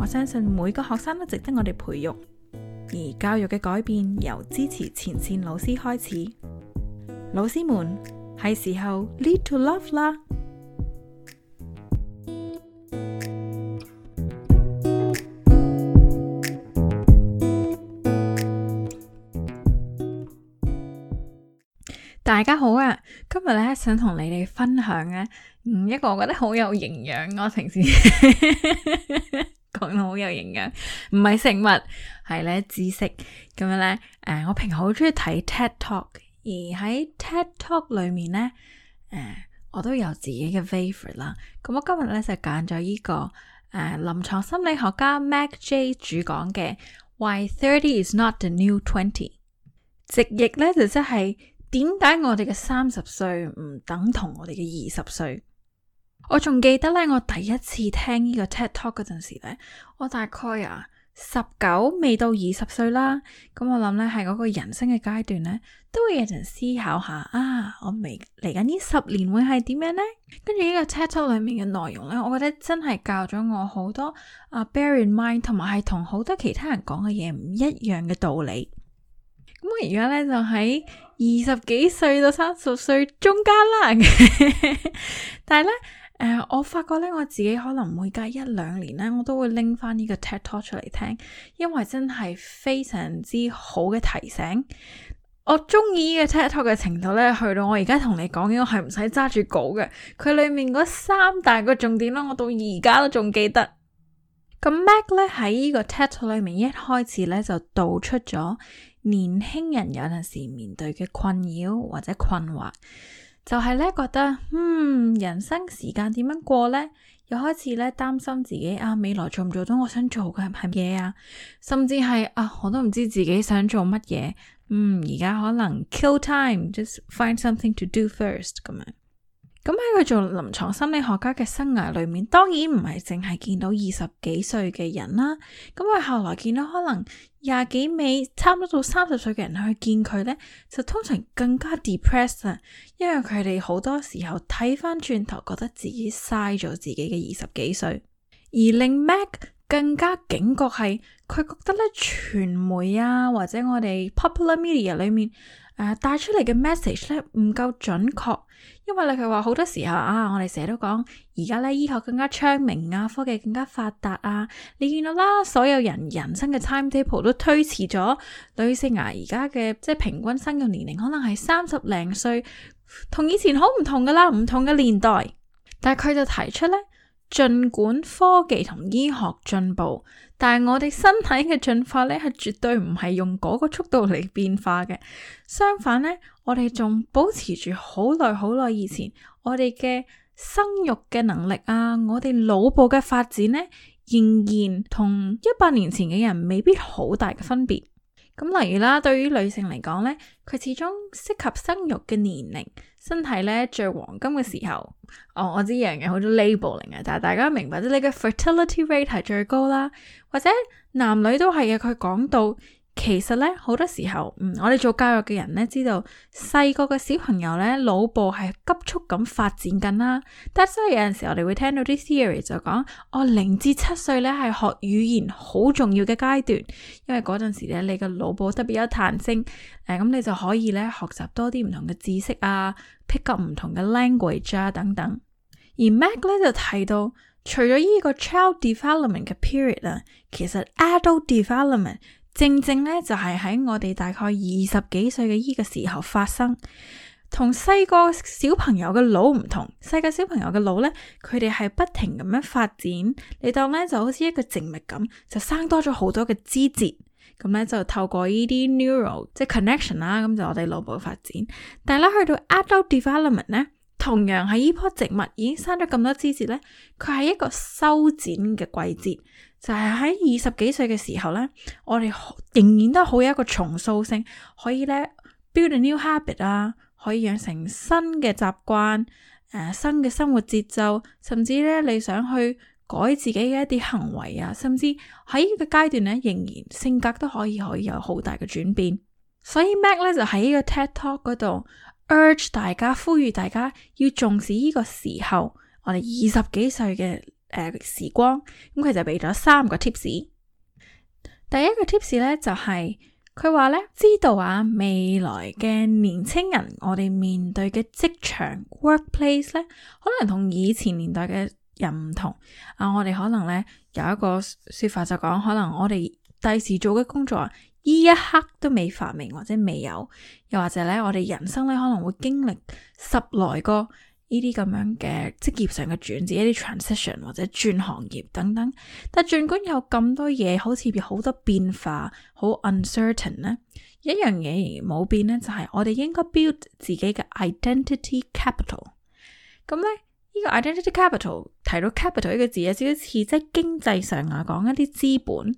我相信每個學生都值得我哋培育，而教育嘅改變由支持前線老師開始。老師們係時候 Lead to Love 啦！大家好啊，今日咧想同你哋分享咧，嗯，一個我覺得好有營養我平時。講好有營養，唔係食物，係咧知識咁樣咧。誒、呃，我平時好中意睇 TED Talk，而喺 TED Talk 裏面咧，誒、呃，我都有自己嘅 favorite 啦。咁、嗯、我今日咧就揀咗依個誒臨床心理學家 Meg Jay 主講嘅 Why Thirty Is Not the New Twenty。直譯咧就即係點解我哋嘅三十歲唔等同我哋嘅二十歲？我仲記得咧，我第一次聽呢個 TED Talk 嗰陣時咧，我大概啊十九未到二十歲啦。咁我諗咧，係嗰個人生嘅階段咧，都會有人思考下啊，我未嚟緊呢十年會係點樣呢？跟住呢個 TED Talk 裏面嘅內容咧，我覺得真係教咗我好多啊、uh, bear in mind，同埋係同好多其他人講嘅嘢唔一樣嘅道理。咁我而家咧就喺二十幾歲到三十歲中間啦， 但係咧。誒，uh, 我發覺咧，我自己可能每隔一兩年咧，我都會拎翻呢個 TED Talk 出嚟聽，因為真係非常之好嘅提醒。我中意呢個 TED Talk 嘅程度咧，去到我而家同你講嘢係唔使揸住稿嘅，佢裏面嗰三大個重點咯，我到而家都仲記得。咁 Meg 咧喺呢個 TED Talk 裏面一開始咧就道出咗年輕人有陣時面對嘅困擾或者困惑。就係咧覺得嗯，人生時間點樣過咧，又開始咧擔心自己啊，未來做唔做到我想做嘅，係乜嘢啊，甚至係啊，我都唔知自己想做乜嘢。嗯，而家可能 kill time，just find something to do first 咁樣。咁喺佢做臨床心理學家嘅生涯裏面，當然唔係淨係見到二十幾歲嘅人啦。咁佢後來見到可能廿幾尾，差唔多到三十歲嘅人去見佢呢，就通常更加 depressed，因為佢哋好多時候睇翻轉頭，覺得自己嘥咗自己嘅二十幾歲，而令 Meg 更加警覺係，佢覺得咧傳媒啊或者我哋 popular media 裏面。誒，帶出嚟嘅 message 咧唔夠準確，因為咧佢話好多時候啊，我哋成日都講，而家咧醫學更加昌明啊，科技更加發達啊，你見到啦，所有人人生嘅 time table 都推遲咗，女性啊而家嘅即係平均生育年齡可能係三十零歲，同以前好唔同噶啦，唔同嘅年代，但係佢就提出咧。儘管科技同醫學進步，但係我哋身體嘅進化咧，係絕對唔係用嗰個速度嚟變化嘅。相反呢，我哋仲保持住好耐好耐以前我哋嘅生育嘅能力啊，我哋腦部嘅發展呢，仍然同一百年前嘅人未必好大嘅分別。咁例如啦，對於女性嚟講呢，佢始終適合生育嘅年齡。身體呢，最黃金嘅時候，嗯、哦，我知呢樣嘢，好多 labeling 啊，但係大家明白即係呢個 fertility rate 係最高啦，或者男女都係嘅，佢講到。其實咧，好多時候，嗯，我哋做教育嘅人咧，知道細個嘅小朋友咧，腦部係急速咁發展緊啦。但係所以有陣時，我哋會聽到啲 theory 就講，我、哦、零至七歲咧係學語言好重要嘅階段，因為嗰陣時咧，你嘅腦部特別有彈性，誒、嗯、咁你就可以咧學習多啲唔同嘅知識啊，pick up 唔同嘅 language 啊等等。而 Meg 咧就提到，除咗依個 child development 嘅 period 啦，其實 adult development。正正咧就係、是、喺我哋大概二十幾歲嘅呢個時候發生，同細個小朋友嘅腦唔同，細個小朋友嘅腦咧，佢哋係不停咁樣發展，你當咧就好似一個植物咁，就生多咗好多嘅枝節，咁咧就透過呢啲 neural 即係 connection 啦、啊，咁就我哋腦部發展，但係咧去到 adult development 咧，同樣係呢棵植物已經生咗咁多枝節咧，佢係一個修剪嘅季節。就係喺二十幾歲嘅時候呢，我哋仍然都好有一個重塑性，可以呢 build a new habit 啊，可以養成新嘅習慣，誒、呃，新嘅生活節奏，甚至呢，你想去改自己嘅一啲行為啊，甚至喺呢個階段呢，仍然性格都可以可以有好大嘅轉變。所以 Meg 咧就喺呢個 TED Talk 嗰度 urge 大家呼籲大家要重視呢個時候，我哋二十幾歲嘅。誒、呃，時光咁佢就俾咗三個 tips。第一個 tips 呢就係佢話呢，知道啊未來嘅年青人，我哋面對嘅職場 workplace 呢，可能同以前年代嘅人唔同啊。我哋可能呢，有一個說法就講，可能我哋第時做嘅工作，依一刻都未發明或者未有，又或者呢，我哋人生呢可能會經歷十來個呢啲咁樣嘅職業上嘅轉折，一啲 transition 或者轉行業等等，但係儘管有咁多嘢，好似有好多變化，好 uncertain 呢，一樣嘢冇變呢，就係我哋應該 build 自己嘅 identity capital。咁呢，呢個 identity capital 提到 capital 呢個字有少少似即係經濟上啊講一啲資本。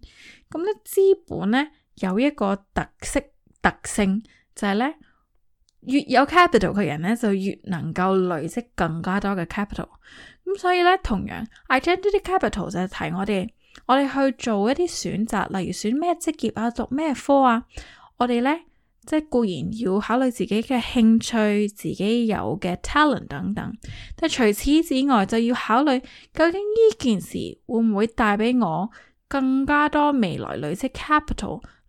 咁呢資本呢，有一個特色特性就係呢。越有 capital 嘅人咧，就越能夠累積更加多嘅 capital。咁所以咧，同樣 identity capital 就係提我哋，我哋去做一啲選擇，例如選咩職業啊，讀咩科啊。我哋咧即係固然要考慮自己嘅興趣、自己有嘅 talent 等等，但係除此之外，就要考慮究竟呢件事會唔會帶俾我更加多未來累積 capital。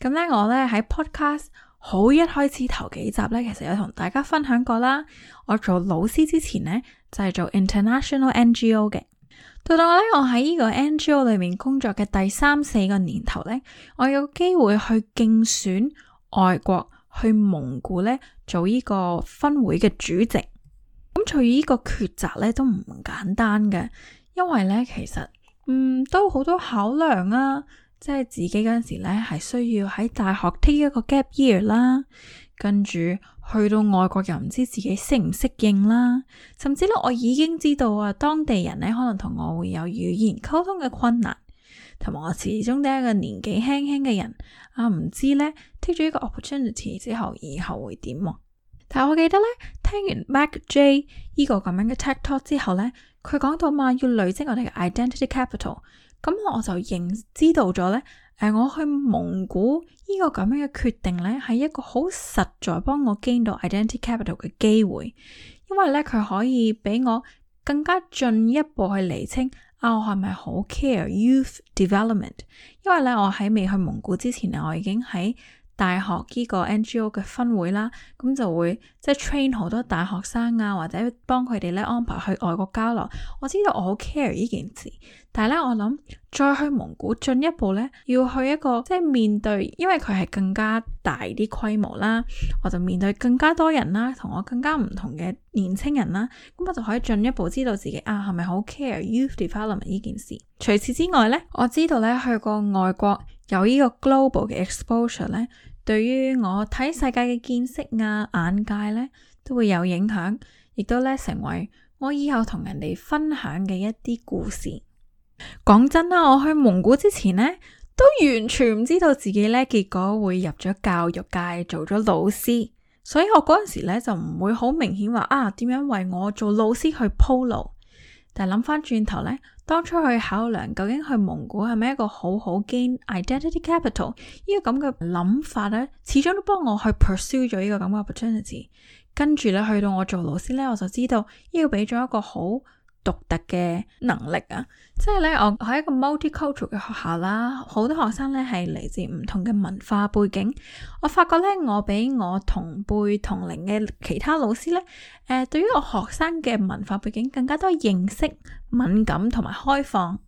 咁咧，我咧喺 podcast 好一開始頭幾集咧，其實有同大家分享過啦。我做老師之前咧，就係、是、做 international NGO 嘅。到到咧，我喺呢個 NGO 裏面工作嘅第三四個年頭咧，我有機會去競選外國去蒙古咧做呢個分會嘅主席。咁所以呢個抉擇咧都唔簡單嘅，因為咧其實嗯都好多考量啊。即係自己嗰時咧，係需要喺大學 take 一個 gap year 啦，跟住去到外國又唔知自己適唔適應啦，甚至咧我已經知道啊，當地人咧可能同我會有語言溝通嘅困難，同埋我始終都係一個年紀輕輕嘅人，啊唔知咧 take 咗一個 opportunity 之後以後會點啊？但係我記得咧，聽完 Meg Jay 呢個咁樣嘅 TED talk 之後咧，佢講到話要累積我哋嘅 identity capital。咁我就認知道咗呢，誒，我去蒙古呢個咁樣嘅決定呢，係一個好實在幫我 gain 到 identity capital 嘅機會，因為呢，佢可以俾我更加進一步去厘清啊，我係咪好 care youth development？因為呢，我喺未去蒙古之前啊，我已經喺。大學呢個 NGO 嘅分會啦，咁就會即係、就是、train 好多大學生啊，或者幫佢哋咧安排去外國交流。我知道我好 care 呢件事，但係咧我諗再去蒙古進一步咧，要去一個即係面對，因為佢係更加大啲規模啦，我就面對更加多人啦，同我更加唔同嘅年輕人啦，咁我就可以進一步知道自己啊係咪好 care youth development 呢件事。除此之外咧，我知道咧去過外國。有呢個 global 嘅 exposure 呢，對於我睇世界嘅見識啊、眼界呢，都會有影響，亦都呢成為我以後同人哋分享嘅一啲故事。講真啦，我去蒙古之前呢，都完全唔知道自己呢結果會入咗教育界做咗老師，所以我嗰陣時呢就唔會好明顯話啊，點樣為我做老師去鋪路。但諗翻轉頭呢，當初去考量究竟去蒙古係咪一個好好 gain identity capital？呢個咁嘅諗法呢，始終都幫我去 pursue 咗呢個咁嘅 opportunity。跟住呢，去到我做老師呢，我就知道呢要俾咗一個好。獨特嘅能力啊，即係咧，我喺一個 multicultural 嘅學校啦，好多學生咧係嚟自唔同嘅文化背景。我發覺咧，我比我同輩同齡嘅其他老師咧，誒、呃，對於我學生嘅文化背景更加多認識、敏感同埋開放。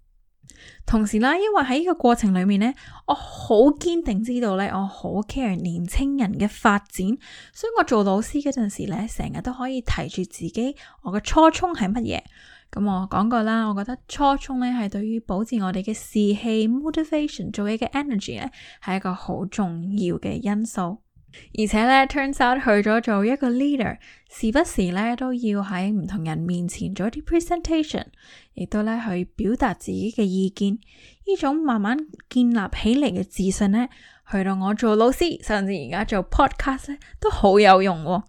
同時啦，因為喺呢個過程裏面咧，我好堅定知道咧，我好 care 年青人嘅發展，所以我做老師嗰陣時咧，成日都可以提住自己我嘅初衷係乜嘢。咁我講過啦，我覺得初衷呢係對於保持我哋嘅士氣、motivation、做嘢嘅 energy 呢係一個好重要嘅因素。而且呢，turns out 去咗做一個 leader，時不時呢都要喺唔同人面前做啲 presentation，亦都呢去表達自己嘅意見。呢種慢慢建立起嚟嘅自信呢，去到我做老師，甚至而家做 podcast 呢，都好有用喎啊。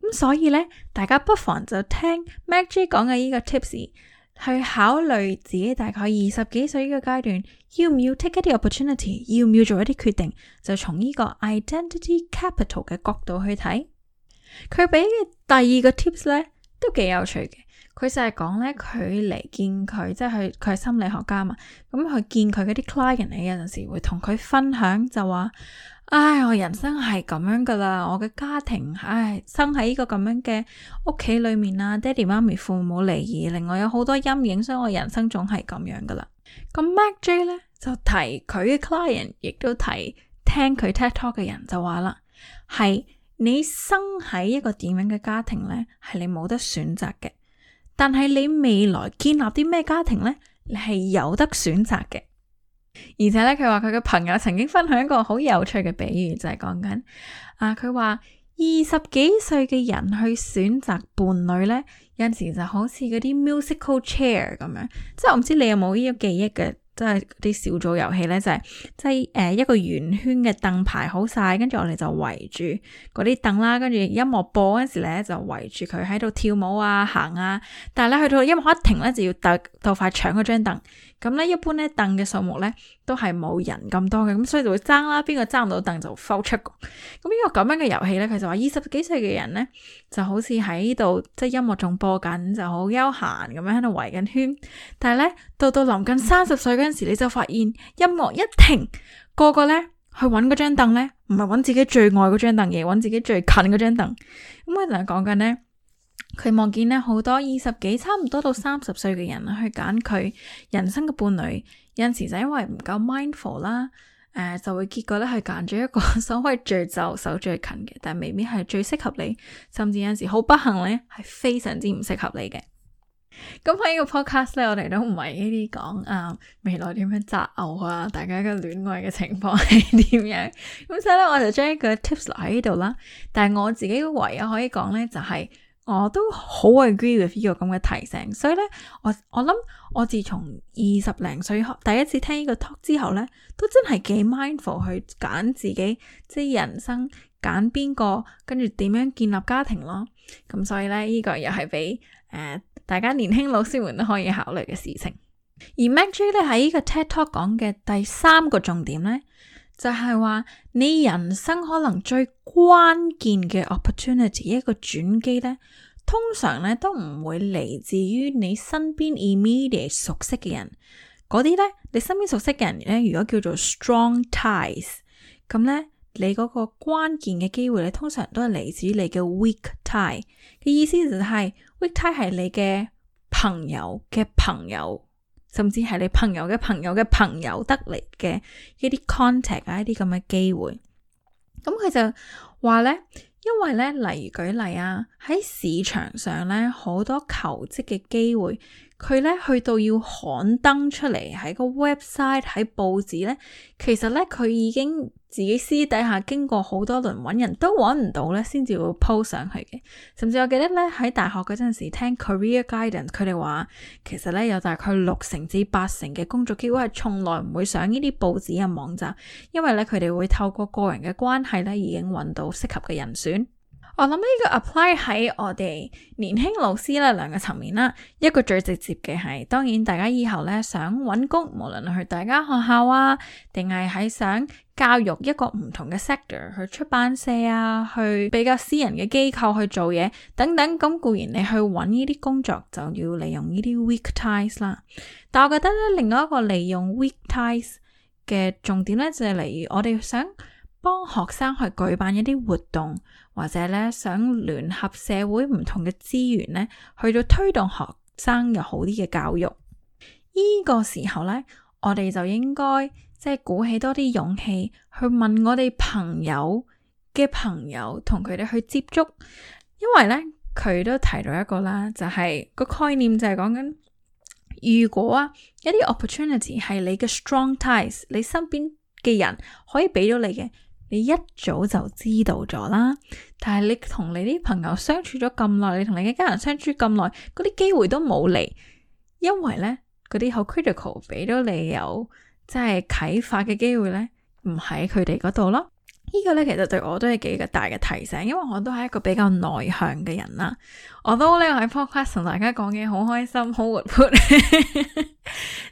咁所以呢，大家不妨就聽 Meg Jay 講嘅呢個 tips 去考慮自己大概二十幾歲呢個階段，要唔要 take 一啲 opportunity，要唔要做一啲決定，就從呢個 identity capital 嘅角度去睇。佢俾嘅第二個 tips 呢，都幾有趣嘅。佢就係講咧，佢嚟見佢，即係佢佢係心理學家嘛。咁佢見佢嗰啲 client 咧，有陣時會同佢分享，就話：唉，我人生係咁樣噶啦，我嘅家庭唉生喺呢個咁樣嘅屋企裏面啊，爹哋媽咪父母離異，另外有好多陰影，所以我人生總係咁樣噶啦。咁 Meg Jay 咧就提佢嘅 client，亦都提聽佢 TED Talk 嘅人就話啦，係你生喺一個點樣嘅家庭咧，係你冇得選擇嘅。但係你未來建立啲咩家庭呢？你係有得選擇嘅，而且咧佢話佢嘅朋友曾經分享一個好有趣嘅比喻，就係講緊啊，佢話二十幾歲嘅人去選擇伴侶呢，有陣時就好似嗰啲 musical chair 咁樣，即係我唔知你有冇呢個記憶嘅。即係啲小組遊戲咧，就係、是、即係誒、呃、一個圓圈嘅凳排好晒，跟住我哋就圍住嗰啲凳啦，跟住音樂播嗰陣時咧，就圍住佢喺度跳舞啊行啊，但係咧去到音樂一停咧，就要鬥快搶嗰張凳。咁咧，一般咧凳嘅數目咧都係冇人咁多嘅，咁所以就會爭啦，邊 個爭唔到凳就 out 出局。咁呢個咁樣嘅遊戲咧，佢就話二十幾歲嘅人咧，就好似喺度即係音樂仲播緊，就好悠閒咁樣喺度圍緊圈。但係咧到到臨近三十歲嗰陣時，你就發現音樂一停，個個咧去搵嗰張凳咧，唔係搵自己最愛嗰張凳嘅，而係搵自己最近嗰張凳。咁我就係講緊咧。佢望見咧，好多二十幾差唔多到三十歲嘅人去揀佢人生嘅伴侶，有陣時就因為唔夠 mindful 啦、呃，誒就會結果咧係揀咗一個所謂最就手最近嘅，但係未必係最適合你，甚至有陣時好不幸咧係非常之唔適合你嘅。咁喺、嗯、呢個 podcast 咧，我哋都唔係呢啲講啊未來點樣擇偶啊，大家嘅戀愛嘅情況係點樣？咁 所以咧，我就將呢個 tips 留喺呢度啦。但係我自己唯一可以講咧就係、是。我都好 agree with 呢個咁嘅提醒，所以咧我我諗我自從二十零歲第一次聽呢個 talk 之後咧，都真係幾 mindful 去揀自己即係人生揀邊個，跟住點樣建立家庭咯。咁所以咧呢、呢個又係俾誒大家年輕老師們都可以考慮嘅事情。而 Meg Jay 咧喺呢個 TED Talk 講嘅第三個重點咧。就係話你人生可能最關鍵嘅 opportunity 一個轉機呢，通常呢都唔會嚟自於你身邊 immediate 熟悉嘅人，嗰啲呢，你身邊熟悉嘅人呢，如果叫做 strong ties，咁呢，你嗰個關鍵嘅機會呢，通常都係嚟自於你嘅 weak tie 嘅意思就係、是、weak tie 係你嘅朋友嘅朋友。甚至係你朋友嘅朋友嘅朋友得嚟嘅一啲 contact 啊，一啲咁嘅機會。咁佢就話咧，因為咧，例如舉例啊，喺市場上咧，好多求職嘅機會。佢咧去到要刊登出嚟喺個 website 喺報紙咧，其實咧佢已經自己私底下經過好多輪揾人都揾唔到咧，先至會 post 上去嘅。甚至我記得咧喺大學嗰陣時聽 career guidance，佢哋話其實咧有大概六成至八成嘅工作機會係從來唔會上呢啲報紙嘅網站，因為咧佢哋會透過個人嘅關係咧已經揾到適合嘅人選。我諗呢個 apply 喺我哋年輕老師呢兩個層面啦，一個最直接嘅係，當然大家以後呢想揾工，無論去大家學校啊，定係喺想教育一個唔同嘅 sector，去出版社啊，去比較私人嘅機構去做嘢等等，咁固然你去揾呢啲工作就要利用呢啲 weak ties 啦。但我覺得呢，另外一個利用 weak ties 嘅重點呢，就係例如我哋想。幫學生去舉辦一啲活動，或者咧想聯合社會唔同嘅資源咧，去到推動學生有好啲嘅教育。呢個時候咧，我哋就應該即係鼓起多啲勇氣去問我哋朋友嘅朋友，同佢哋去接觸。因為咧，佢都提到一個啦，就係個概念就係講緊，如果啊一啲 opportunity 係你嘅 strong ties，你身邊嘅人可以俾到你嘅。你一早就知道咗啦，但係你同你啲朋友相處咗咁耐，你同你嘅家人相處咁耐，嗰啲機會都冇嚟，因為呢，嗰啲好 critical 俾到你有即係啟發嘅機會呢，唔喺佢哋嗰度咯。呢個呢，其實對我都係幾個大嘅提醒，因為我都係一個比較內向嘅人啦。我都呢喺 podcast 同大家講嘢好開心，好活潑。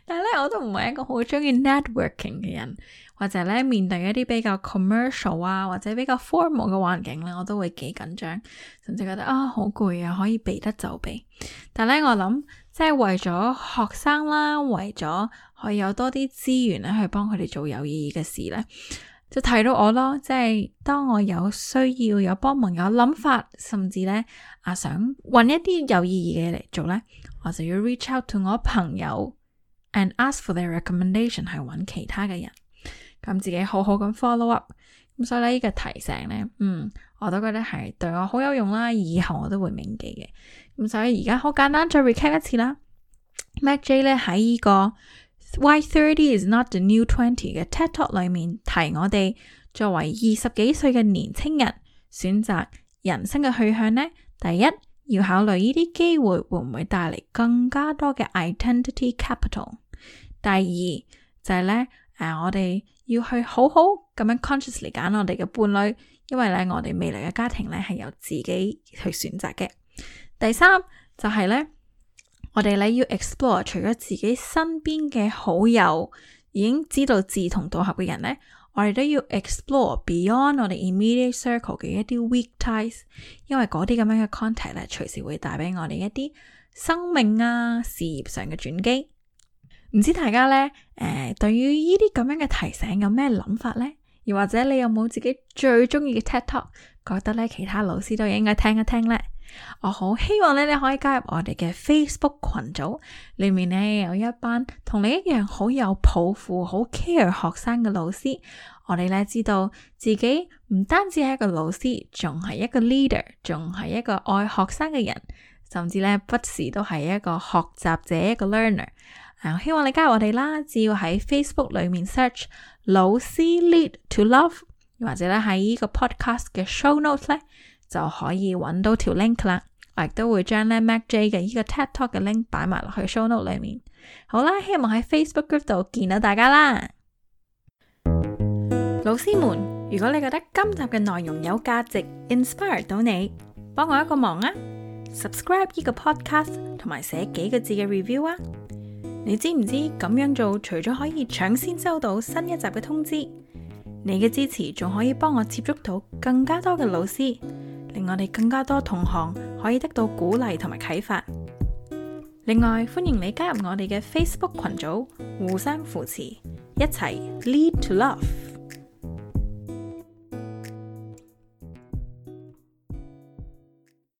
但係咧，我都唔係一個好中意 networking 嘅人，或者咧面對一啲比較 commercial 啊，或者比較 formal 嘅環境咧，我都會幾緊張，甚至覺得啊、哦、好攰啊，可以避得就避。但係咧，我諗即係為咗學生啦，為咗可以有多啲資源咧，去幫佢哋做有意義嘅事咧，就睇到我咯。即係當我有需要、有幫忙、有諗法，甚至咧啊想搵一啲有意義嘅嘢嚟做咧，我就要 reach out to 我朋友。and ask for their recommendation 係揾其他嘅人，咁、嗯、自己好好咁 follow up。咁所以呢、呢個提醒呢，嗯，我都覺得係對我好有用啦，以後我都會銘記嘅。咁、嗯、所以而家好簡單，再 recap 一次啦。Meg Jay 咧喺呢個 Why 30 is not the new 20嘅 TED Talk 裏面提我哋作為二十幾歲嘅年輕人，選擇人生嘅去向呢。第一。要考慮呢啲機會會唔會帶嚟更加多嘅 identity capital。第二就係咧，誒，我哋要去好好咁樣 consciously 揀我哋嘅伴侶，因為咧我哋未來嘅家庭咧係由自己去選擇嘅。第三就係咧，我哋咧要 explore 除咗自己身邊嘅好友已經知道志同道合嘅人咧。我哋都要 explore beyond 我哋 immediate circle 嘅一啲 weak ties，因為嗰啲咁樣嘅 contact 咧，隨時會帶俾我哋一啲生命啊、事業上嘅轉機。唔知大家咧，誒、呃，對於呢啲咁樣嘅提醒有咩諗法咧？又或者你有冇自己最中意嘅 TED talk？覺得咧，其他老師都應該聽一聽咧。我好希望咧，你可以加入我哋嘅 Facebook 群組，裏面咧，有一班同你一樣好有抱負、好 care 學生嘅老師。我哋咧，知道自己唔單止係一個老師，仲係一個 leader，仲係一個愛學生嘅人，甚至咧不時都係一個學習者，一個 learner。啊，我希望你加入我哋啦，只要喺 Facebook 裏面 search 老師 lead to love，或者咧喺呢個 podcast 嘅 show notes 咧，就可以搵到條 link 啦。我亦都會將咧 Meg Jay 嘅呢個 TED Talk 嘅 link 擺埋落去 show note 裏面。好啦，希望喺 Facebook group 度見到大家啦，老師們。如果你覺得今集嘅內容有價值，inspire 到你，幫我一個忙啊，subscribe 呢個 podcast 同埋寫幾個字嘅 review 啊。你知唔知咁樣做，除咗可以搶先收到新一集嘅通知，你嘅支持仲可以幫我接觸到更加多嘅老師。令我哋更加多同行可以得到鼓勵同埋啟發。另外，歡迎你加入我哋嘅 Facebook 群組，互相扶持，一齊 Lead to Love。